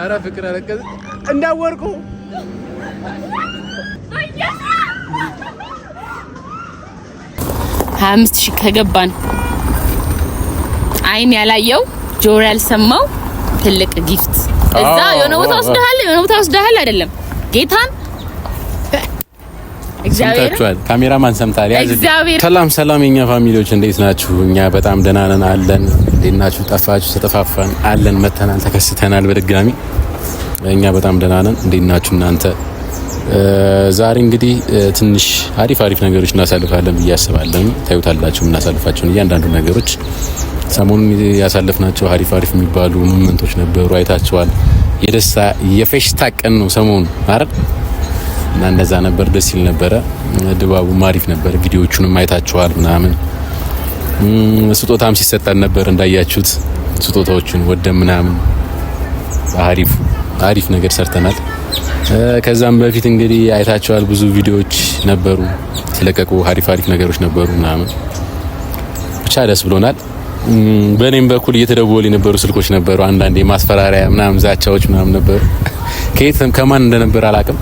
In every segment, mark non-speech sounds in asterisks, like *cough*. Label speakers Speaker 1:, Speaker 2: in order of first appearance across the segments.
Speaker 1: ኧረ ፍቅር አለቀዝ እንዳወርቁ ሀያ
Speaker 2: አምስት ሺህ ከገባን አይን ያላየው ጆሮ ያልሰማው ትልቅ ጊፍት እዛ የሆነ ቦታ ወስደሃል፣ የሆነ ቦታ ወስደሃል። አይደለም ጌታን
Speaker 1: ሰምታችኋል። ካሜራማን ሰምታል። ሰላም ሰላም፣ የኛ ፋሚሊዎች እንዴት ናችሁ? እኛ በጣም ደህና ነን አለን እንዴት ናችሁ? ጠፋችሁ? ተጠፋፋን አለን መተናል ተከስተናል በድጋሚ እኛ በጣም ደህና ነን። እንዴት ናችሁ እናንተ? ዛሬ እንግዲህ ትንሽ አሪፍ አሪፍ ነገሮች እናሳልፋለን ብዬ አስባለሁ። ታዩታላችሁ የምናሳልፋቸውን እያንዳንዱ ነገሮች። ሰሞኑን ያሳለፍናቸው አሪፍ አሪፍ የሚባሉ ሙመንቶች ነበሩ፣ አይታችኋል። የደስታ የፌሽታ ቀን ነው ሰሞኑ አይደል? እና እንደዛ ነበር፣ ደስ ይል ነበረ። ድባቡም አሪፍ ነበር። ቪዲዮቹንም አይታችኋል ምናምን ስጦታም ሲሰጠን ነበር እንዳያችሁት። ስጦታዎቹን ወደ ምናምን አሪፍ አሪፍ ነገር ሰርተናል። ከዛም በፊት እንግዲህ አይታቸዋል። ብዙ ቪዲዮዎች ነበሩ ስለቀቁ አሪፍ አሪፍ ነገሮች ነበሩ ምናምን ብቻ ደስ ብሎናል። በእኔም በኩል እየተደወሉ የነበሩ ስልኮች ነበሩ። አንዳንዴ ማስፈራሪያ ምናምን ዛቻዎች ምናምን ነበሩ። ከየት ከማን እንደነበር አላቅም።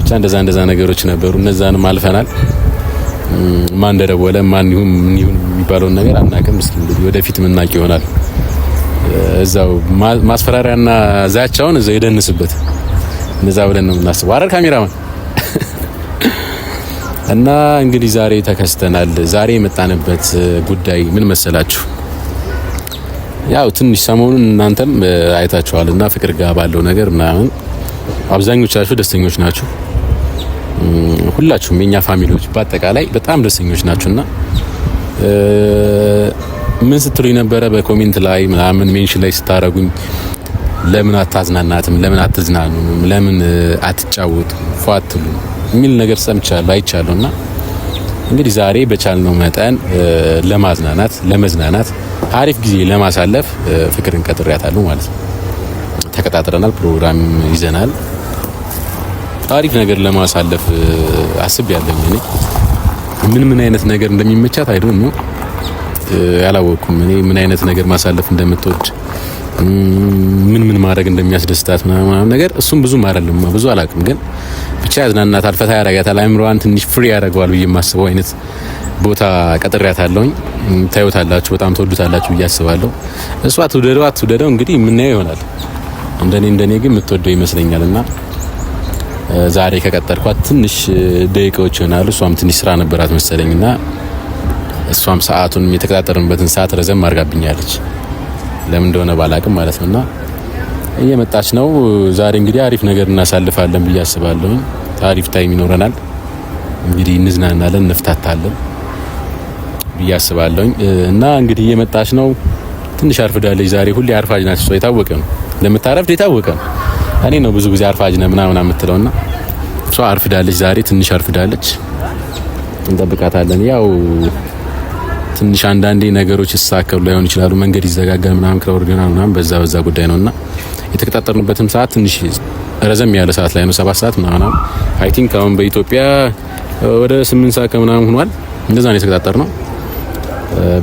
Speaker 1: ብቻ እንደዛ እንደዛ ነገሮች ነበሩ። እነዛንም አልፈናል። ማን እንደደወለ ማን ይሁን ምን ይሁን የሚባለውን ነገር አናውቅም። እስኪ እንግዲህ ወደፊት ምናውቅ ይሆናል። እዛው ማስፈራሪያና ዛቻውን እዛው ይደንስበት እንደዛ ብለን ነው የምናስበው። ካሜራማን *laughs* እና እንግዲህ ዛሬ ተከስተናል። ዛሬ የመጣንበት ጉዳይ ምን መሰላችሁ? ያው ትንሽ ሰሞኑን እናንተም አይታችኋልና ፍቅር ጋር ባለው ነገር ምናምን አብዛኞቻችሁ ደስተኞች ናችሁ። ሁላችሁም የኛ ፋሚሊዎች በአጠቃላይ በጣም ደስተኞች ናችሁና ምን ስትሉ የነበረ በኮሜንት ላይ ምናምን ሜንሽን ላይ ስታረጉኝ ለምን አታዝናናትም፣ ለምን አትዝናኑ? ለምን አትጫወቱም፣ ፏትሉ የሚል ነገር ሰምቻለሁ አይቻለሁ። እና እንግዲህ ዛሬ በቻልነው መጠን ለማዝናናት ለመዝናናት አሪፍ ጊዜ ለማሳለፍ ፍቅርን ቀጥሬያታለሁ ማለት ነው። ተቀጣጥረናል፣ ፕሮግራም ይዘናል። አሪፍ ነገር ለማሳለፍ አስብ ያለኝ እኔ ምን ምን አይነት ነገር እንደሚመቻት አይዶ ነው ያላወቅኩም። እኔ ምን አይነት ነገር ማሳለፍ እንደምትወድ ምን ምን ማድረግ እንደሚያስደስታት ምናምን ነገር እሱም ብዙም አይደለም ብዙ አላውቅም፣ ግን ብቻ ያዝናናታል፣ ፈታ ያረጋታል፣ አይምሮዋን ትንሽ ፍሪ ያደርገዋል ብዬ የማስበው አይነት ቦታ ቀጥሬያታለሁኝ። ታዩታላችሁ፣ በጣም ትወዱታላችሁ ብዬ አስባለሁ። እሷ ትውደደው አትውደደው እንግዲህ የምናየው ይሆናል። እንደኔ እንደኔ ግን የምትወደው ይመስለኛል እና ዛሬ ከቀጠርኳት ትንሽ ደቂቃዎች ይሆናሉ። እሷም ትንሽ ስራ ነበራት መሰለኝ እና እሷም ሰዓቱን የተቀጣጠርንበትን ሰዓት ረዘም አድርጋብኛለች። ለምን እንደሆነ ባላቅም ማለት ነውና እየመጣች ነው። ዛሬ እንግዲህ አሪፍ ነገር እናሳልፋለን ብዬ አስባለሁ። አሪፍ ታይም ይኖረናል። እንግዲህ እንዝናናለን፣ እንፍታታለን ብዬ አስባለሁ እና እንግዲህ እየመጣች ነው። ትንሽ አርፍዳለች ዛሬ። ሁሌ አርፋጅ ናት እሷ፣ የታወቀ ነው። ለምታረፍድ የታወቀ ነው። እኔ ነው ብዙ ጊዜ አርፋጅ ነህ ምናምን እና እሷ አርፍዳለች። ዛሬ ትንሽ አርፍዳለች። እንጠብቃታለን። ያው ትንሽ አንዳንዴ ነገሮች ይስተካከሉ ላይሆን ይችላሉ። መንገድ ይዘጋጋል ምናምን ክረውር ሊሆናል ምናምን በዛ በዛ ጉዳይ ነውና የተቀጣጠርንበትም ሰዓት ትንሽ ረዘም ያለ ሰዓት ላይ ነው። ሰባት ሰዓት ምናምን አይ ቲንክ አሁን በኢትዮጵያ ወደ ስምንት ሰዓት ከምናምን ሆኗል። እንደዛ ነው የተቀጣጠር ነው።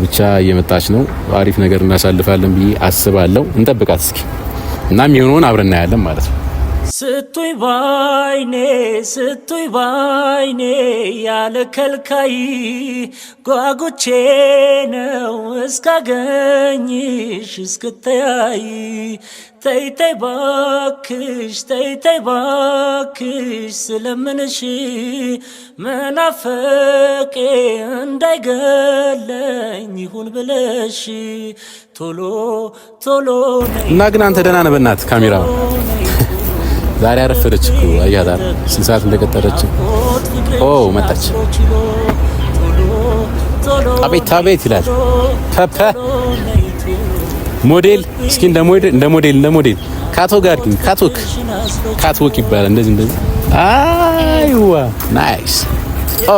Speaker 1: ብቻ እየመጣች ነው። አሪፍ ነገር እናሳልፋለን ብዬ አስባለሁ። እንጠብቃት እስኪ እና የሚሆነውን አብረን እናያለን ማለት ነው። ስቱይ ባይኔ ስቱይ ባይኔ ያለ ከልካይ ጓጉቼ ነው እስካገኝሽ እስክተያይ ተይተይ ባክሽ ተይተይ ባክሽ ስለምንሽ መናፈቄ እንዳይገለኝ ይሁን ብለሽ ቶሎ ቶሎ እና ግን አንተ ደህና ነህ በእናትህ ካሜራ ዛሬ አረፈደች እኮ አያታ ስንት ሰዓት እንደቀጠረች ኦ መጣች። አቤት አቤት ይላል ፐፐ ሞዴል እስኪ እንደ ሞዴል እንደ ሞዴል እንደ ሞዴል ካቶ ጋር ግን ካቶክ ካቶክ ይባላል። እንደዚህ እንደዚህ አይዋ ናይስ ኦ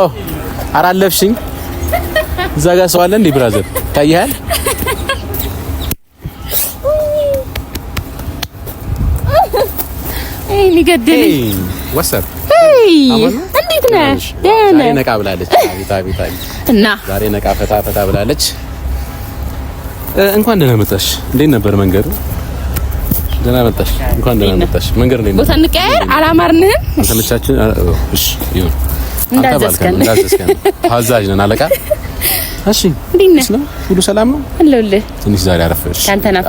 Speaker 1: አራለፍሽኝ እዛ ጋር ሰው አለ እንዴ ብራዘር ታያል
Speaker 2: ይሄ ሊገድልኝ ወሰድ እንዴት ነህ?
Speaker 1: ደህና ነቃ ብላለች። አቤት አቤት እና ዛሬ ነቃ ፈታ ፈታ ብላለች። እንኳን ደህና መጣሽ። እንዴት ነበር መንገዱ? ደህና መጣሽ። እንኳን ደህና መጣሽ። መንገድ እንዴት
Speaker 2: ነበር? ቦታ እንቀያየር። አላማርንህም?
Speaker 1: አልተመቻችን። እሺ ይሁን።
Speaker 2: እንዳዘዝከን እንዳዘዝከን።
Speaker 1: ታዛዥ ነን አለቃ። እሺ፣ እንዴት ነህ? ሁሉ ሰላም ነው? አለሁልህ። ትንሽ ዛሬ አረፈሽ።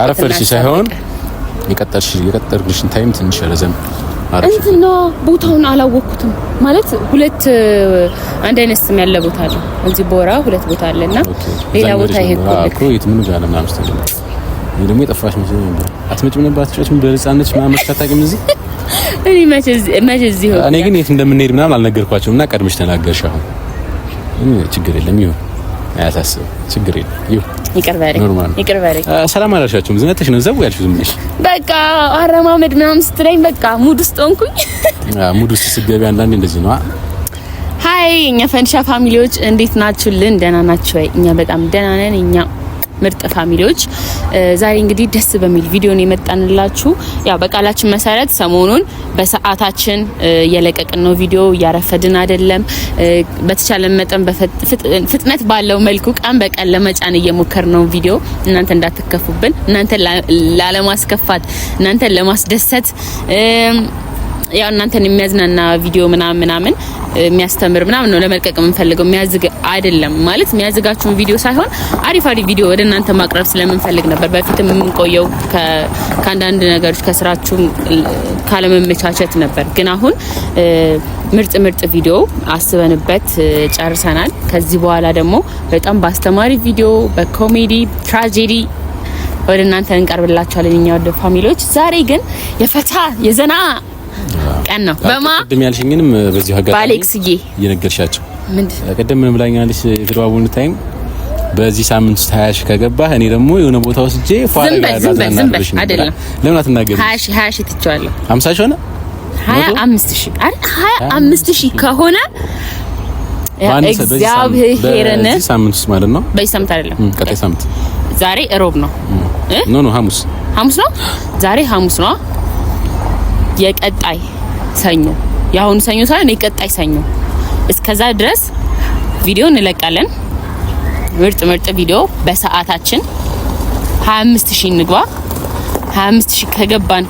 Speaker 1: አረፈሽ ሳይሆን የቀጠርሽን ታይም ትንሽ ረዘም
Speaker 2: እንትና ቦታውን አላወቅኩትም። ማለት ሁለት አንድ አይነት ስም ያለ ቦታ አለ። እዚህ ቦራ ሁለት ቦታ አለና
Speaker 1: ሌላ ቦታ ይሄ እኮ የት ምን ጋር ምናምን ስትል ይሄ ደግሞ የጠፋሽ መስሎኝ ነበር። አትመጭም ነበር አትጫጭም በነፃነት ማመስ አታውቂም እዚህ
Speaker 2: *laughs* እኔ መቼ እዚህ
Speaker 1: እኔ ግን የት እንደምንሄድ ምናምን አልነገርኳቸውም እና ቀድምሽ ተናገርሽ። አሁን እኔ ችግር የለም ይሁን አያሳስብም። ችግር
Speaker 2: የለም።
Speaker 1: ይቅር ሰላም አላልሻቸውም። ዝነተሽ ነው ዘው ያልሽው። ዝም ብለሽ
Speaker 2: በቃ አረማመድ ምናምን ስትለኝ በቃ ሙድ ውስጥ ሆንኩኝ።
Speaker 1: ሙድ ውስጥ ስትገቢ አንዳንዴ እንደዚህ ነው።
Speaker 2: ሀይ እኛ ፈንድሻ ፋሚሊዎች እንዴት ናችሁልን? ደህና ናችሁ ወይ? እኛ በጣም ደህና ነን። እኛ ምርጥ ፋሚሊዎች ዛሬ እንግዲህ ደስ በሚል ቪዲዮ ነው የመጣንላችሁ። ያው በቃላችን መሰረት ሰሞኑን በሰዓታችን እየለቀቅን ነው ቪዲዮ፣ እያረፈድን አይደለም። በተቻለ መጠን ፍጥነት ባለው መልኩ ቀን በቀን ለመጫን እየሞከር ነው ቪዲዮ። እናንተ እንዳትከፉብን፣ እናንተ ላለማስከፋት፣ እናንተ ለማስደሰት ያው እናንተን የሚያዝናና ቪዲዮ ምናምን ምናምን የሚያስተምር ምናምን ነው ለመልቀቅ የምንፈልገው። የሚያዝግ አይደለም ማለት የሚያዝጋችሁን ቪዲዮ ሳይሆን አሪፍ አሪፍ ቪዲዮ ወደ እናንተ ማቅረብ ስለምንፈልግ ነበር በፊትም የምንቆየው ከአንዳንድ ነገሮች ከስራችሁም ካለመመቻቸት ነበር። ግን አሁን ምርጥ ምርጥ ቪዲዮ አስበንበት ጨርሰናል። ከዚህ በኋላ ደግሞ በጣም በአስተማሪ ቪዲዮ፣ በኮሜዲ ትራጀዲ ወደ እናንተ እንቀርብላችኋለን። እኛ ወደ ፋሚሊዎች ዛሬ ግን የፈታ የዘና ቀን ነው።
Speaker 1: በማ ቅድም ያልሽኝንም በዚሁ አጋጣሚ በአሌክስዬ እየነገርሻቸው ቅድም ምን ብላኛለች? የተደዋወሉን ታይም በዚህ ሳምንት ውስጥ ሀያ ሺህ ከገባህ እኔ ደግሞ የሆነ ቦታ ወስጄ
Speaker 2: ጋር አይደለም ለምን አትናገሪ? ሀያ ሺህ ሀያ ሺህ ትቼዋለሁ። ሀምሳ ሺህ ሆነ ሀያ አምስት ሺህ አይደል? ሀያ አምስት ሺህ ከሆነ እግዚአብሔርን በዚህ
Speaker 1: ሳምንት ውስጥ ማለት ነው። በዚህ ሳምንት አይደለም፣ ቀጣይ ሳምንት።
Speaker 2: ዛሬ እሮብ ነው። ኖ ኖ ሀሙስ ሀሙስ ነው። ዛሬ ሀሙስ ነው። የቀጣይ ሰኞ የአሁኑ ሰኞ ሳይሆን የቀጣይ ሰኞ። እስከዛ ድረስ ቪዲዮ እንለቃለን። ምርጥ ምርጥ ቪዲዮ በሰዓታችን 25000 እንግባ። 25000 ከገባን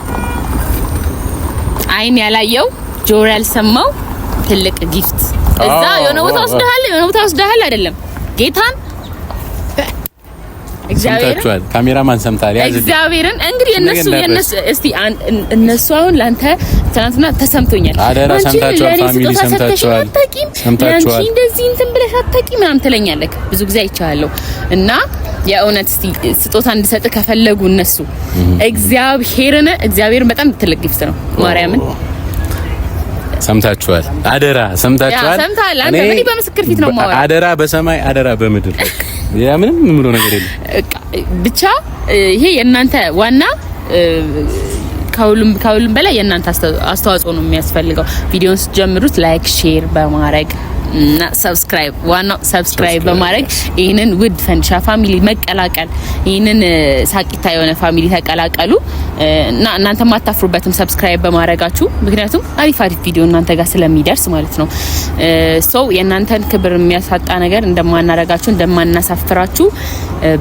Speaker 2: አይን ያላየው ጆሮ ያልሰማው ትልቅ ጊፍት እዛ የሆነ ቦታ ወስደሃል፣ የሆነ ቦታ ወስደሃል አይደለም ጌታን
Speaker 1: እግዚአብሔር ካሜራማን ሰምታል። ያዝ
Speaker 2: እግዚአብሔርን እንግዲህ እነሱ የነሱ እስቲ እነሱ አሁን ላንተ ትናንትና ተሰምቶኛል።
Speaker 1: አደራ ሰምታችኋል፣ ፋሚሊ ሰምታችኋል፣
Speaker 2: ሰምታችኋል። እንደዚህ እንትን ብለሽ አታውቂም ምናምን ትለኛለህ ብዙ ጊዜ አይቻለሁ። እና የእውነት እስቲ ስጦታ እንድሰጥ ከፈለጉ እነሱ እግዚአብሔርን እግዚአብሔርን በጣም ትልቅ ጊፍት ነው ማርያምን
Speaker 1: ሰምታችኋል። አደራ ሰምታችኋል።
Speaker 2: እኔ በምስክር ፊት ነው የማወራው።
Speaker 1: አደራ በሰማይ አደራ በምድር ያ ምንም ምንም ነገር የለም።
Speaker 2: ብቻ ይሄ የእናንተ ዋና ከሁሉም ከሁሉም በላይ የእናንተ አስተዋጽኦ ነው የሚያስፈልገው። ቪዲዮን ስትጀምሩት ላይክ ሼር በማድረግ እና ሰብስክራይብ ዋናው ሰብስክራይብ በማድረግ ይህንን ውድ ፈንድሻ ፋሚሊ መቀላቀል ይህንን ሳቂታ የሆነ ፋሚሊ ተቀላቀሉ እና እናንተ ማታፍሩበትም ሰብስክራይብ በማድረጋችሁ ምክንያቱም አሪፍ አሪፍ ቪዲዮ እናንተ ጋር ስለሚደርስ ማለት ነው። ሰው የእናንተን ክብር የሚያሳጣ ነገር እንደማናረጋችሁ እንደማናሳፍራችሁ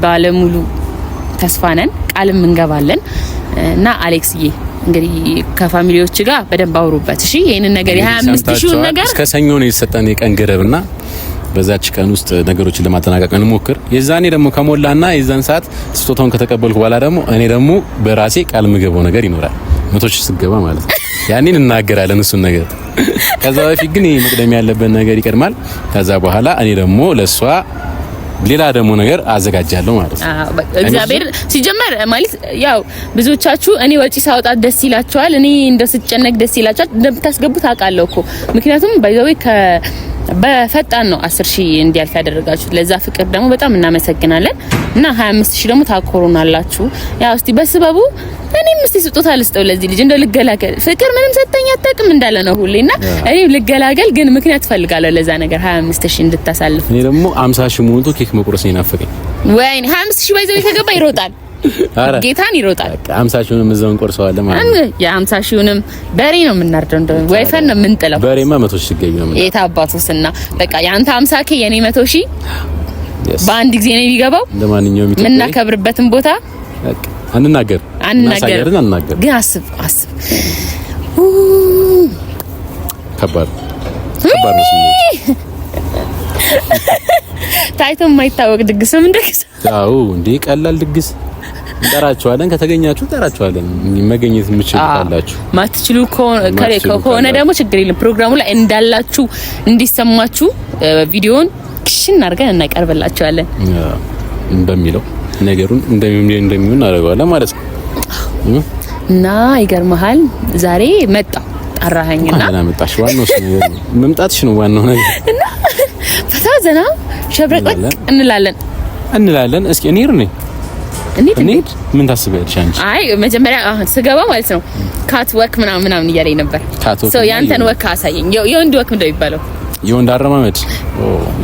Speaker 2: ባለሙሉ ተስፋ ነን፣ ቃልም እንገባለን እና አሌክስዬ እንግዲህ ከፋሚሊዎች ጋር በደንብ አውሩበት። እሺ ይሄንን ነገር የ25 ነገር
Speaker 1: እስከ ሰኞ ነው የተሰጠን የቀን ገደብና በዛች ቀን ውስጥ ነገሮችን ለማጠናቀቅ እንሞክር። የዛኔ ደግሞ ከሞላና የዛን ሰዓት ስጦታውን ከተቀበልኩ በኋላ ደግሞ እኔ ደግሞ በራሴ ቃል ምገባው ነገር ይኖራል። መቶች ስገባ ማለት ነው። ያኔ እናገራለን እሱን ነገር። ከዛ በፊት ግን ይሄ መቅደም ያለበት ነገር ይቀድማል። ከዛ በኋላ እኔ ደግሞ ለሷ ሌላ ደግሞ ነገር አዘጋጃለሁ ማለት
Speaker 2: ነው። እግዚአብሔር ሲጀመር ማለት ያው ብዙዎቻችሁ እኔ ወጪ ሳውጣት ደስ ይላቸዋል፣ እኔ እንደስጨነቅ ደስ ይላቸዋል። እንደምታስገቡት አውቃለሁ እኮ ምክንያቱም ባይዘዌ ከ በፈጣን ነው 10 ሺህ እንዲያልፍ ያደረጋችሁት። ለዛ ፍቅር ደግሞ በጣም እናመሰግናለን እና 25 ሺህ ደግሞ ታኮሩናላችሁ። ያው እስቲ በስበቡ እኔ ምስቲ ስጦታ ልስጠው ለዚህ ልጅ እንደው ልገላገል። ፍቅር ምንም ሰጠኝ አታውቅም እንዳለ ነው ሁሌና፣ እኔም ልገላገል ግን ምክንያት ፈልጋለሁ ለዛ ነገር 25 ሺህ እንድታሳልፍ።
Speaker 1: እኔ ደግሞ 50 ሺህ ሞልቶ ኬክ መቁረስ ነው የናፈቀኝ።
Speaker 2: ወይኔ 25 ሺህ ባይዘው ከገባ ይሮጣል አረ ጌታን ይሮጣል።
Speaker 1: አምሳ ሺውንም እዛው እንቆርሰዋለን ማለት ነው።
Speaker 2: የ50 ሺህንም በሬ ነው የምናርደው፣ እንደ ወይፈን ነው የምንጥለው።
Speaker 1: በሬማ 100 ሺህ ገቢ ነው
Speaker 2: ማለት የታ አባቱስና በቃ የአንተ 50 ኬ የኔ 100 ሺህ በአንድ ጊዜ ነው የሚገባው። ለማንኛውም የምናከብርበትን ቦታ አንናገር አንናገር አንናገር ግን አስብ አስብ። ከባድ ከባድ ነው። ታይቶ የማይታወቅ ድግስ ምን ድግስ?
Speaker 1: አዎ እንዴ ቀላል ድግስ እንጠራችኋለን። ከተገኛችሁ እንጠራችኋለን። መገኘት የምችል
Speaker 2: ካላችሁ፣ ማትችሉ ከሆነ ደግሞ ችግር የለም። ፕሮግራሙ ላይ እንዳላችሁ እንዲሰማችሁ ቪዲዮን ክሽን አድርገን እናቀርብላችኋለን
Speaker 1: በሚለው ነገሩን እንደሚሆን አደርገዋለሁ ማለት ነው።
Speaker 2: እና ይገርመሃል ዛሬ መጣ ጠራኸኝና
Speaker 1: መጣሽ። ዋናው ነገር መምጣትሽ ነው ዋናው ነገር።
Speaker 2: እና ፈታ ዘና ሸብረቅረቅ እንላለን
Speaker 1: እንላለን። እስኪ እኔር ነኝ እንዴት ምን ታስቢያለሽ አንቺ?
Speaker 2: አይ መጀመሪያ ስገባ ማለት ነው ካት ወክ ምናምን ምናምን እያለኝ ነበር። ሶ ያንተን ወክ አሳየኝ። የወንድ ወክ እንደሚባለው
Speaker 1: የወንድ አረማመድ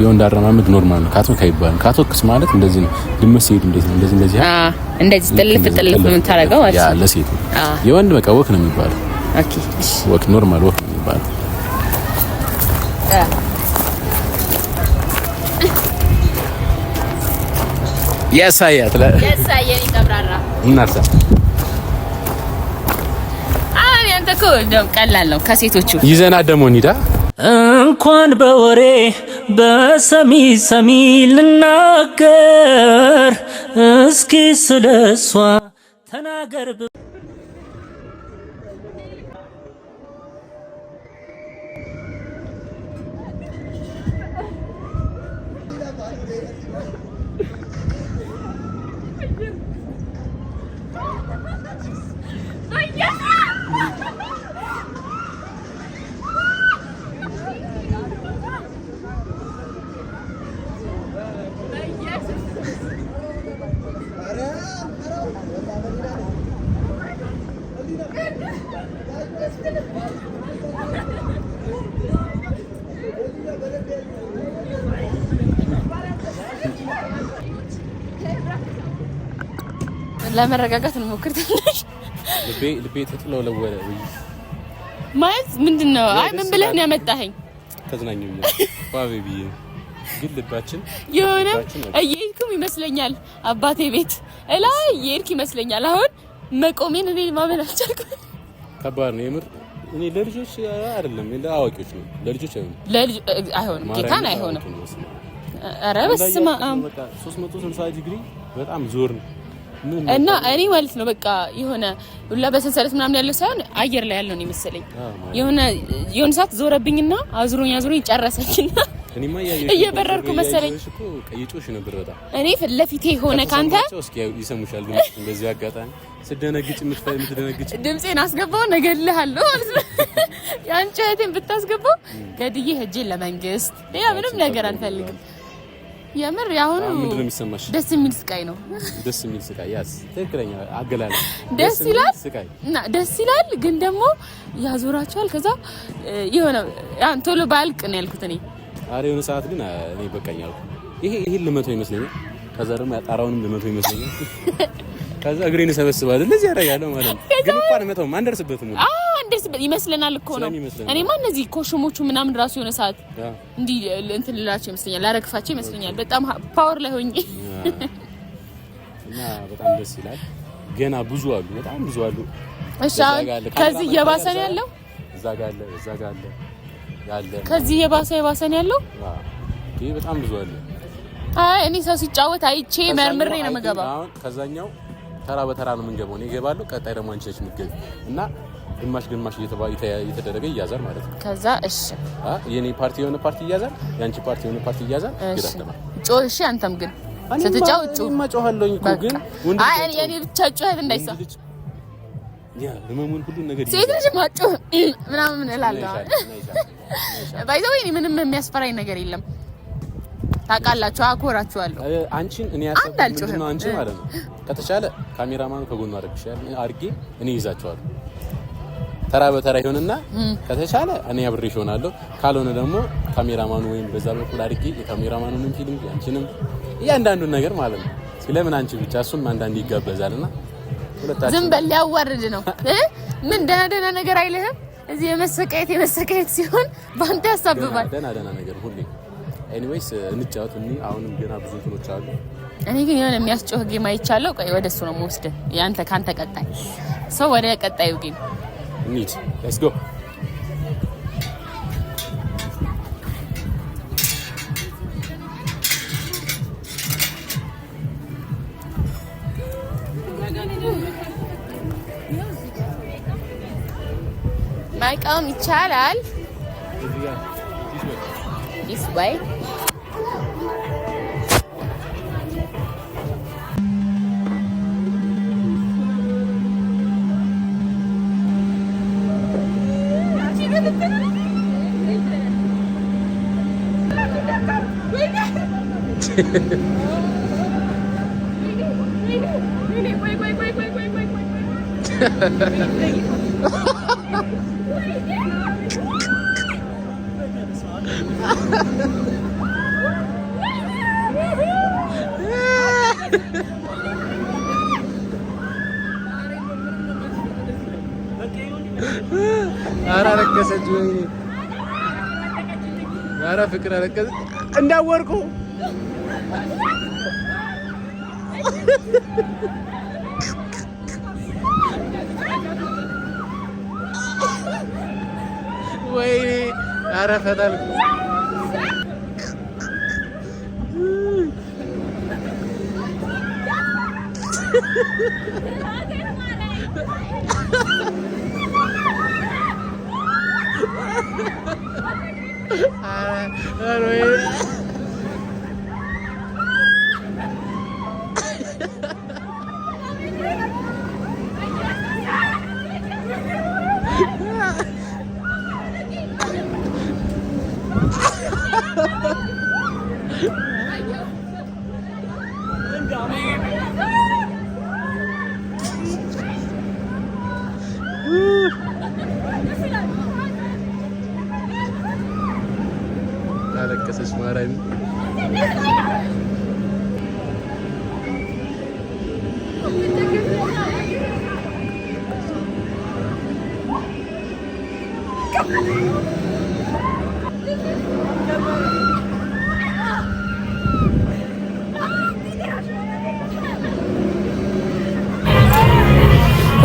Speaker 1: የወንድ አረማመድ ኖርማል ነው። ካቶክ አይባልም። ካቶክስ ማለት እንደዚህ ነው። ድመት ሲሄድ እንደዚህ ነው? እንደዚህ እንደዚህ
Speaker 2: እንደዚህ ጥልፍ ጥልፍ የምታደርገው
Speaker 1: ያ ለሴት የወንድ በቃ ወክ ነው የሚባለው። ኦኬ ወክ ኖርማል ወክ ነው የሚባለው። ያሳያት
Speaker 2: ያሳየኝ ተብራራ እናርሳ አሁን ያንተ እኮ ቀላል ነው ከሴቶቹ
Speaker 1: ይዘና ደግሞ እንሂዳ እንኳን በወሬ በሰሚ ሰሚ ልናገር እስኪ ስለሷ ተናገር
Speaker 2: ለመረጋጋት እንሞክር ትንሽ።
Speaker 1: ልቤ ልቤ ተጥሎ ለወለ
Speaker 2: ማለት ምንድን ነው? አይ ምን ብለህ ነው ያመጣኸኝ?
Speaker 1: ተዝናኘው ብዬ ግን ልባችን
Speaker 2: የሆነ እየሄድኩም ይመስለኛል አባቴ ቤት እላ እየሄድክ ይመስለኛል። አሁን መቆሜን እኔ ማመን አልቻልኩም።
Speaker 1: ከባድ ነው የምር። እኔ ለልጆች አይደለም ለአዋቂዎች ነው። ለልጆች አይሆንም፣
Speaker 2: አይሆንም፣ ጌታን አይሆንም። ኧረ በስመ አብ
Speaker 1: 360 ዲግሪ በጣም ዞር ነው
Speaker 2: እና እኔ ማለት ነው በቃ የሆነ ሁላ በሰንሰለት ምናምን ያለው ሳይሆን አየር ላይ ያለው ነው የመሰለኝ። የሆነ የሆነ ሰዓት ዞረብኝና አዙሮኝ አዙሮኝ ጨረሰችና እየበረርኩ መሰለኝ እኔ ፊት ለፊቴ ሆነ ካንተ
Speaker 1: ይሰሙሻል። ግን እንደዚህ አጋጣሚ ስደነግጭ የምትደነግጭ
Speaker 2: *laughs* ድምፄን አስገባው እገልሃለሁ ማለት ነው። የአንቺ *laughs* እህቴን ብታስገባው ገድዬ ሂጄ ለመንግስት ያ ምንም ነገር አልፈልግም። የምር ያሁኑ
Speaker 1: ምንድነው የሚሰማሽ?
Speaker 2: ደስ የሚል ስቃይ ነው።
Speaker 1: ደስ የሚል ስቃይ ያስ ትክክለኛ አገላለጽ
Speaker 2: ደስ ይላል። ስቃይ እና ደስ ይላል፣ ግን ደግሞ ያዞራቸዋል። ከዛ የሆነ ያን ቶሎ ባልቅ ነው ያልኩት እኔ።
Speaker 1: ኧረ የሆነ ሰዓት ግን እኔ በቃኝ አልኩ። ይሄ ይሄ ልመተው ይመስለኛል። ከዛ ደግሞ ያጣራውንም ልመተው ይመስለኛል። *laughs* ከዛ እግሬን ሰበስባለሁ እንደዚህ ያደርጋለሁ ማለት ነው። ግን እንኳን መተው ማን ደርስበት
Speaker 2: የሚያደርስ ይመስለናል እኮ ነው። እኔማ እነዚህ ኮሽሞቹ ምናምን ራሱ የሆነ ሰዓት እንዲህ እንትን ልላቸው ይመስለኛል፣ ላረግፋቸው ይመስለኛል። በጣም ፓወር ላይ ሆኜ
Speaker 1: እና በጣም ደስ ይላል። ገና ብዙ አሉ፣ በጣም ብዙ አሉ።
Speaker 2: እሺ ከዚህ እየባሰ ነው ያለው።
Speaker 1: እዛ ጋር አለ፣ እዛ ጋር አለ
Speaker 2: ያለ ከዚህ የባሰ የባሰ ነው ያለው።
Speaker 1: ይሄ በጣም ብዙ አሉ።
Speaker 2: አይ እኔ ሰው ሲጫወት አይቼ መርምሬ ነው የምገባው።
Speaker 1: ከዛኛው ተራ በተራ ነው የምንገባው። እኔ እገባለሁ፣ ቀጣይ ደግሞ አንቺ ነሽ የምትገቢው እና ግማሽ ግማሽ እየተደረገ ይያዛል ማለት ነው። ከዛ እሺ የኔ ፓርቲ የሆነ ፓርቲ ይያዛል፣ የአንቺ ፓርቲ የሆነ ፓርቲ ይያዛል።
Speaker 2: ይዳደማል። ጮህ እሺ። አንተም ግን
Speaker 1: ስትጫው ጩ ማጮሃለኝ እኮ ግን
Speaker 2: አይ የኔ ብቻ ጩኸት እንዳይሰማ
Speaker 1: ያ ለማሙን ሁሉ ነገር
Speaker 2: ሴት ልጅ ማጮ *clears throat* ምናምን እላለሁ። ባይ ዘ ወይ ምንም የሚያስፈራኝ ነገር የለም። ታውቃላችሁ፣ አኮራችኋለሁ። አንቺን እኔ ያሰብኩት
Speaker 1: ነው አንቺ ማለት ነው ከተቻለ ካሜራማን ከጎኑ አድርግሻለሁ አድርጌ እኔ ይዛችኋለሁ ተራ በተራ ይሆንና ከተቻለ እኔ አብሬሽ እሆናለሁ፣ ካልሆነ ደግሞ ካሜራማኑ ወይም በዛ በኩል አድርጌ የካሜራማኑንም ፊልም አንቺንም እያንዳንዱን ነገር ማለት ነው። ስለምን አንቺ ብቻ እሱም አንዳንድ ይጋበዛልና
Speaker 2: ዝም በል ሊያዋርድ ነው። ምን ደህና ደህና ነገር አይልህም። እዚህ የመሰቃየት የመሰቃየት ሲሆን በአንተ ያሳብባል።
Speaker 1: ደህና ደህና ነገር ሁሌ ኤኒዌይስ እንጫወት። እኔ አሁንም ገና ብዙ እንትኖች አሉ።
Speaker 2: እኔ ግን የሆነ የሚያስጮህ ህጌ ማይቻለው። ቆይ ወደ እሱ ነው መወስደ ያንተ ካንተ ቀጣይ ሰው ወደ ቀጣዩ ጌም
Speaker 1: Let's go.
Speaker 2: Michael, ይቻላል። This way. This way.
Speaker 1: ኧረ አረከሰች። ወይኔ ኧረ ፍቅር አረከሰች እንዳወርቁ ويلي عرف هذا I don't know.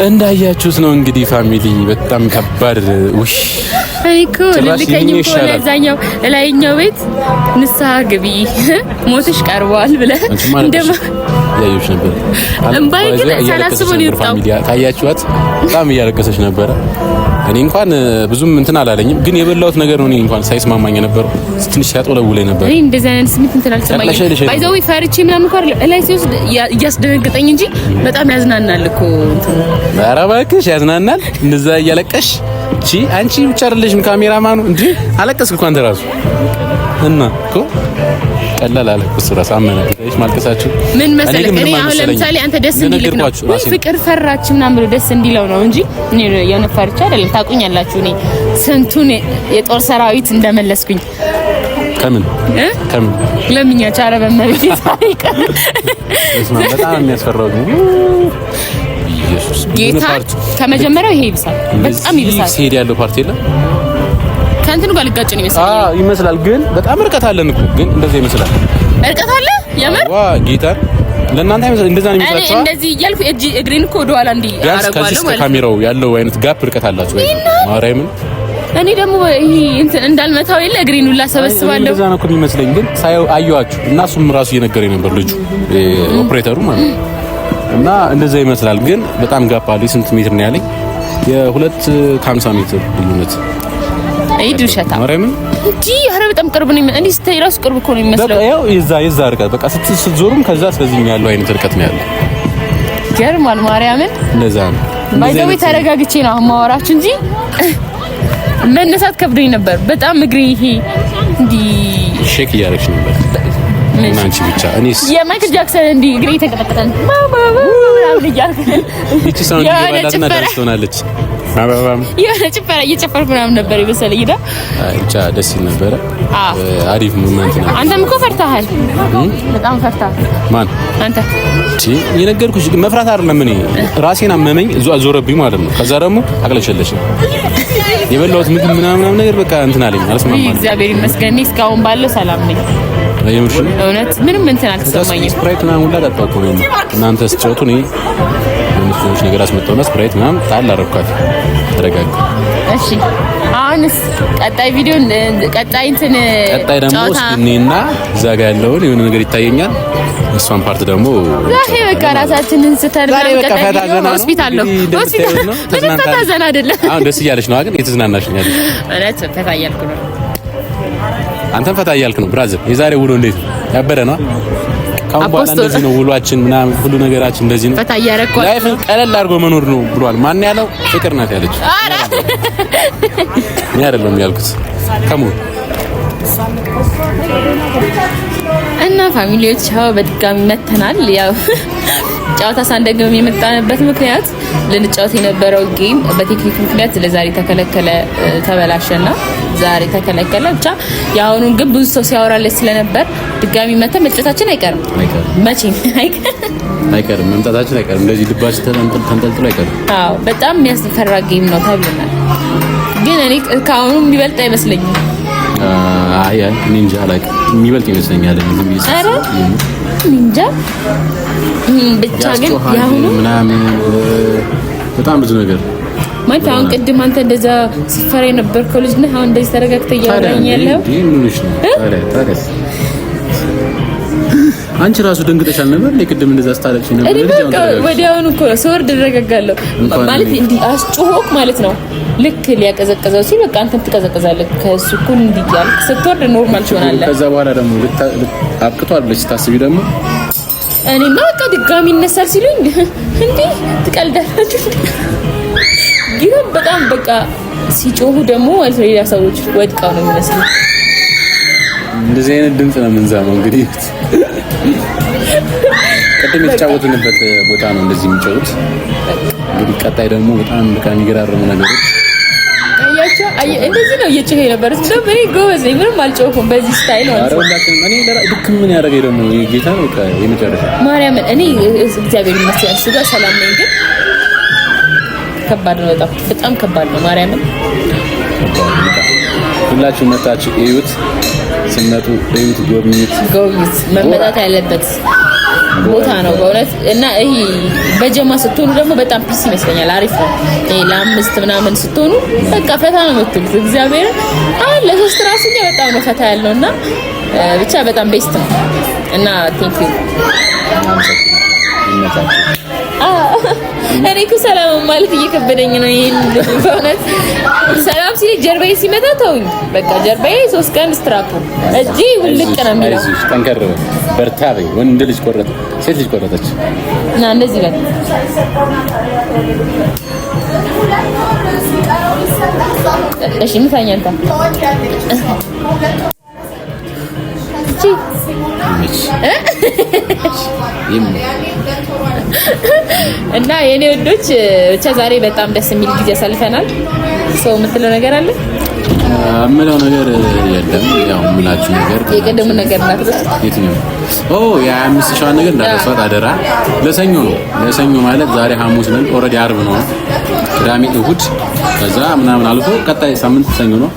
Speaker 1: እንዳያችሁት ነው እንግዲህ ፋሚሊ በጣም ከባድ ውሽ
Speaker 2: አይኮ ልልከኝ እኮ ለዛኛው ላይኛው ቤት ንስሐ ግቢ *laughs* ሞትሽ ቀርቧል ብለህ
Speaker 1: እንደማ ያዩሽ ነበር። እምባዬ ግን ሳላስበው ነው የወጣው። ታያችኋት በጣም እያለቀሰች ነበረ። እኔ እንኳን ብዙም እንትን አላለኝም፣ ግን የበላሁት ነገር ነው። እኔ እንኳን ሳይስማማኝ ነበር ትንሽ ሲያጦለውለኝ ነበር።
Speaker 2: እኔ እንደዚህ አይነት ስሜት እንትን አልተሰማኝም። ባይዘው ፈርቼ ምናምን እንኳን ላይ ሲወስድ እያስደነገጠኝ እንጂ በጣም ያዝናናል እኮ እንትን።
Speaker 1: ኧረ እባክሽ ያዝናናል። እንደዛ እያለቀሽ እቺ አንቺ ብቻ አይደለሽም ካሜራማኑ እንዴ። አለቀስክ እኮ አንተ ራሱ እና እኮ ቀላል አለቅስ። ስራ ሳመነ ይሽ ማልቀሳችሁ
Speaker 2: ምን መሰለህ፣ እኔ አሁን ለምሳሌ አንተ ደስ እንዲልክ ነው ወይ ፍቅር ፈራች ምናምን ብሎ ደስ እንዲለው ነው እንጂ እኔ የሆነ ፈርቻ አይደለም። ታቁኛላችሁ እኔ ስንቱን የጦር ሰራዊት እንደመለስኩኝ ከምን ከምን ለምኛቸው። ኧረ በመቤት ታሪክ
Speaker 1: በጣም የሚያስፈራው
Speaker 2: ጌታ ከመጀመሪያው ይሄ ይብሳል፣
Speaker 1: በጣም ይብሳል። ሲሄድ ያለው ፓርቲ የለም
Speaker 2: ከእንትኑ ጋር ልጋጭ ነው ይመስላል።
Speaker 1: አዎ ይመስላል፣ ግን በጣም ርቀት አለን እኮ። ግን እንደዚህ ይመስላል፣
Speaker 2: ርቀት አለ። የምር
Speaker 1: ዋ ጌታ ለእናንተ አይመስል እንደዛ ነው
Speaker 2: የሚመስላችሁ። አይ እንደዚህ እያልኩ እጅ እግሬን እኮ ወደ ኋላ እንዲህ
Speaker 1: አረጋለሁ ማለት ነው። ካሜራው ያለው አይነት ጋፕ ርቀት አላችሁ ወይ? ማርያምን
Speaker 2: እኔ ደግሞ ይሄ እንትን እንዳልመታው የለ እግሬን ሁላ ሰበስባለሁ።
Speaker 1: እንደዛ ነው እኮ የሚመስለኝ፣ ግን ሳየው አየኋችሁ እና እሱም ራሱ እየነገረኝ ነበር ልጁ ኦፕሬተሩ ማለት ነው። እና እንደዛ ይመስላል፣ ግን በጣም ጋፕ አለ። ስንት ሜትር ነው ያለኝ? የሁለት ከሀምሳ ሜትር ልዩነት ሰይድ ውሸታ ማርያምን
Speaker 2: እንጂ ኧረ በጣም ቅርብ ነው። እኔ ስታይ ራሱ ቅርብ እኮ ነው የሚመስለው።
Speaker 1: ያው የዛ የዛ ርቀት በቃ ስትዞሩም ከዛ ስለዚህ ያለው አይነት ርቀት ነው ያለው።
Speaker 2: ገርማል ማርያምን እንደዛ ነው ባይዘው ተረጋግቼ ነው አሁን እንጂ መነሳት ከብዶኝ ነበር በጣም እግሬ ይሄ እንዲህ
Speaker 1: ሼክ እያደረግሽ ነበር። እናንቺ ብቻ እኔስ
Speaker 2: የማይክል ጃክሰን እንዲህ እግሬ ተቀጠቀጠን ማማ
Speaker 1: ማማ ያንቺ ሳውንድ ይባላል እና ደስ ትሆናለች አበባም
Speaker 2: የሆነ ጭፈራ እየጨፈርኩ ምናምን ነበር የመሰለኝ እና
Speaker 1: ብቻ ደስ ይል ነበረ። አሪፍ ሙመንት ነው።
Speaker 2: አንተም እኮ ፈርታሃል፣ በጣም ፈርታሃል። ማን አንተ?
Speaker 1: የነገርኩሽ መፍራት አይደለም። እኔ ራሴን አመመኝ፣ ዞረብኝ ማለት ነው። ከዛ ደግሞ አቅለሸለሽ የበላሁት ምግብ ምናምን ነገር በቃ እንትን አለኝ።
Speaker 2: አልሰማማኝ። እግዚአብሔር ይመስገን፣ እስካሁን ባለው ሰላም ነኝ። እውነት ምንም እንትን
Speaker 1: አልተሰማኝም። ስፕራይት ምናምን ሁላ ጠጣሁ እኮ እናንተ ስትጨውቱ እኔ ሰዎች ነገር አስመጣው አስመጣውና ስፕራይት ምናምን ጣል አረኳት። ተረጋጋ።
Speaker 2: እሺ አሁንስ ቀጣይ ቪዲዮ ቀጣይ እንትን
Speaker 1: ቀጣይ ደግሞ እኔና እዛ ጋር ያለውን የሆነ ነገር ይታየኛል። እሷን ፓርት ደግሞ
Speaker 2: ዛሬ በቃ ራሳችንን ስተን ሆስፒታል ነው ምንም ፈታ ዘና አይደለም።
Speaker 1: አሁን ደስ እያለች ነው ግን የተዝናናሽ ነው ያለች።
Speaker 2: እውነት ፈታ እያልኩ ነው።
Speaker 1: አንተም ፈታ እያልክ ነው ብራዘር። የዛሬ ውሎ እንዴት ነው? ያበደ ነው። ካሁን በኋላ እንደዚህ ነው ውሏችን ምናምን ሁሉ ነገራችን እንደዚህ ነው። ፈታ ላይፍ ቀለል አድርጎ መኖር ነው ብሏል። ማን ያለው? ፍቅር ናት ያለች። እኔ አይደለም ያልኩት። ከሙ
Speaker 2: እና ፋሚሊዎች ያው በድጋሚ መተናል ያው ጨዋታ ሳንደግም የመጣንበት ምክንያት ልንጫወት የነበረው ጌም በቴክኒክ ምክንያት ለዛሬ ተከለከለ፣ ተበላሸና ዛሬ ተከለከለ። ብቻ የአሁኑን ግን ብዙ ሰው ሲያወራለች ስለነበር ድጋሚ መተን መጫወታችን አይቀርም። መቼም
Speaker 1: *laughs* አይቀርም መምጣታችን አይቀርም። እንደዚህ ልባችን ተንጠልጥሎ አይቀርም።
Speaker 2: አዎ በጣም የሚያስፈራ ጌም ነው ተብለናል። ግን እኔ ከአሁኑ የሚበልጥ አይመስለኝም።
Speaker 1: አይ እኔ እንጃ አላውቅም። የሚበልጥ ይመስለኛል።
Speaker 2: እንጃ ብቻ ግን ያሁኑ
Speaker 1: በጣም ብዙ ነገር
Speaker 2: ማለት አሁን ቅድም አንተ እንደዛ ሲፈራ የነበርከው ልጅ ነህ። አሁን እንደዚህ ተረጋግተህ እያወራኝ ያለው
Speaker 1: አንቺ ራሱ ደንግጠሻል ነበር። እኔ ቅድም እንደዛ አስታለቅሽ
Speaker 2: ነበር። እኔ በቃ ወዲያውኑ እኮ ነው ስወርድ እረጋጋለሁ ማለት እንዲህ አስጮሆክ ማለት ነው። ልክ ሊያቀዘቀዘው ሲል በቃ አንተም ትቀዘቀዛለህ። ከእሱ እኮ እንዲህ እያልክ ስትወርድ ኖርማል ትሆናለህ።
Speaker 1: ከዛ በኋላ ደግሞ አብቅቷል ብለሽ ስታስቢ ደግሞ
Speaker 2: እኔማ በቃ ድጋሚ ይነሳል ሲሉኝ እንዴ ትቀልዳላችሁ ግን በጣም በቃ ሲጮሁ ደግሞ ማለት ነው ሌላ ሰዎች ወድቀው ነው የሚመስለው።
Speaker 1: እንደዚህ አይነት ድምፅ ነው የምንሰማው እንግዲህ ቅድም የተጫወትንበት ቦታ ነው እንደዚህ የሚጫወት። እንግዲህ ቀጣይ ደግሞ በጣም በቃ የሚገራረሙ ነገሮች
Speaker 2: እንደዚህ ነው እየጮኸ የነበረ እንደውም እኔ ጎበዝ ነኝ፣ ምንም አልጮህኩም። በዚህ ስታይል ነው።
Speaker 1: እኔ ምን ያደረገ ደግሞ ጌታ ነው የመጨረሻ
Speaker 2: ማርያምን። እኔ እግዚአብሔር ይመስገን ስጋ ሰላም ነኝ፣ ግን ከባድ ነው። በጣም በጣም ከባድ ነው። ማርያምን
Speaker 1: ሁላችሁ መታችሁ እዩት። ስመጡ እዩት፣ ጎብኝት።
Speaker 2: ጎብኝት መመጣት ያለበት ቦታ ነው በእውነት እና ይሄ በጀማ ስትሆኑ ደግሞ በጣም ፒስ ይመስለኛል። አሪፍ ነው። ለአምስት ምናምን ስትሆኑ በቃ ፈታ ነው የምትሉት። እግዚአብሔር አሁን ለሶስት ራስኛ በጣም ነው ፈታ ያለው እና ብቻ በጣም ቤስት ነው እና ቴንክ ዩ እኔ እኮ ሰላም ማለት እየከበደኝ ነው። ይሄን በእውነት ሰላም ሲል ጀርባዬ ሲመታ ተውኝ። በቃ ጀርባዬ ሶስት ቀን ስትራፕ እጂ ውልቅ ነው
Speaker 1: የሚለው። እሺ ጠንከር በርታ በይ። ወንድ ልጅ ቆረጠ፣ ሴት ልጅ ቆረጠች
Speaker 2: እና እንደዚህ በል እሺ። እንታኛለን እና የኔ ወዶች ብቻ ዛሬ በጣም ደስ የሚል ጊዜ አሳልፈናል። ሰው የምትለው ነገር አለ?
Speaker 1: የምለው ነገር የለም። ያው የምላችሁ ነገር
Speaker 2: የቀደሙ ነገር እናት
Speaker 1: የትኛው ኦ የአምስት ሺህዋን ነገር እንዳትረሷት አደራ። ለሰኞ ነው ለሰኞ ማለት ዛሬ ሐሙስ ነው፣ ኦልሬዲ አርብ ነው፣ ቅዳሜ እሁድ ከዛ ምናምን አልፎ ቀጣይ ሳምንት ሰኞ ነው።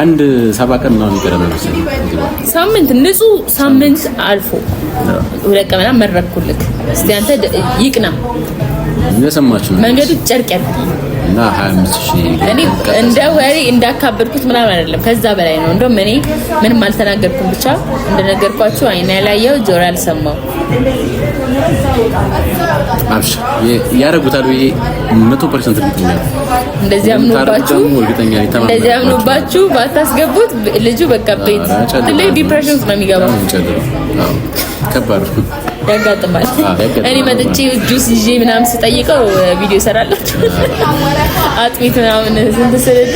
Speaker 1: አንድ ሰባ ቀን ነው የሚቀረው ነው
Speaker 2: ሳምንት ንጹህ ሳምንት አልፎ ሁለት ቀን ምናምን መረኩልክ። እስቲ አንተ ይቅና
Speaker 1: እንደሰማችሁ ነው
Speaker 2: መንገዱ ጨርቅ
Speaker 1: እና ሀያ አምስት ሺህ
Speaker 2: እኔ እንደ ወሬ እንዳካበድኩት ምናምን አይደለም፣ ከዛ በላይ ነው። እንደውም እኔ ምንም አልተናገርኩም፣ ብቻ እንደነገርኳችሁ አይን ያላየው ጆሮ አልሰማው
Speaker 1: አብሽር ያደረጉታል ብዬ መቶ ፐርሰንት እርግጠኛ
Speaker 2: ነው። እንደዚህ አምኖባችሁ ባታስገቡት ልጁ በቃ ቤት ትልቅ ዲፕሬሽን ውስጥ ነው የሚገባው። ከባድ ያጋጥማል። እኔ መጥቼ ጁስ ይዤ ምናምን ስጠይቀው ቪዲዮ ይሰራላችሁ አጥሚት ምናምን ስንት ስልል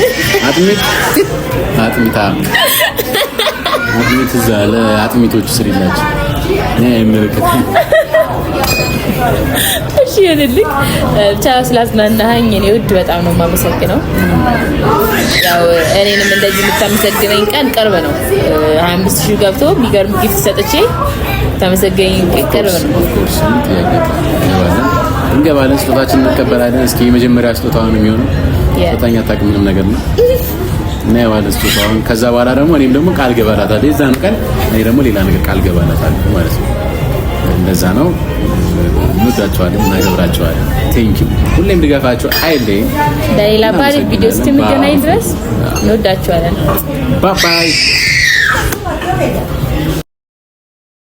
Speaker 2: አጥሚት አጥሚት አጥሚት እዛ ለአጥሚቶች ስሪላችሁ እኔ አይመለከትም እሺ ይሁንልኝ። ብቻ ስላዝናናኸኝ እኔ ውድ በጣም ነው የማመሰግነው። ያው እኔንም እንደዚህ የምታመሰግነኝ ቀን ቅርብ ነው። ሀያ አምስት ሺህ ገብቶ የሚገርም ጊፍት ሰጥቼ ታመሰግነኝ ቅርብ ነው። እንገባለን፣ ስጦታችን እንቀበላለን። እስኪ የመጀመሪያ ስጦታው ነው የሚሆነው። ስጦታኛ አታውቅም ምንም ነገር ነው እና የዋለ ስጦታውን ከዛ በኋላ ደግሞ እኔም ደግሞ ቃል ገባላታለሁ። የዛን ቀን እኔ ደግሞ ሌላ ነገር ቃል ገባላታለሁ ማለት ነው እንደዛ ነው። እንወዳቸዋለን፣ እናገብራቸዋለን። ቴንኪ ሁሌም ድጋፋቸው አይለይ። በሌላ ባሪ ቪዲዮ እስክንገናኝ ድረስ እንወዳቸዋለን። ባባይ